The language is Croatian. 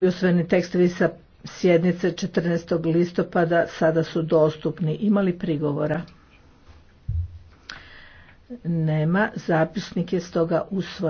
usvojeni tekstovi sa sjednice 14. listopada sada su dostupni. Ima li prigovora? Nema. Zapisnik je stoga usvojen.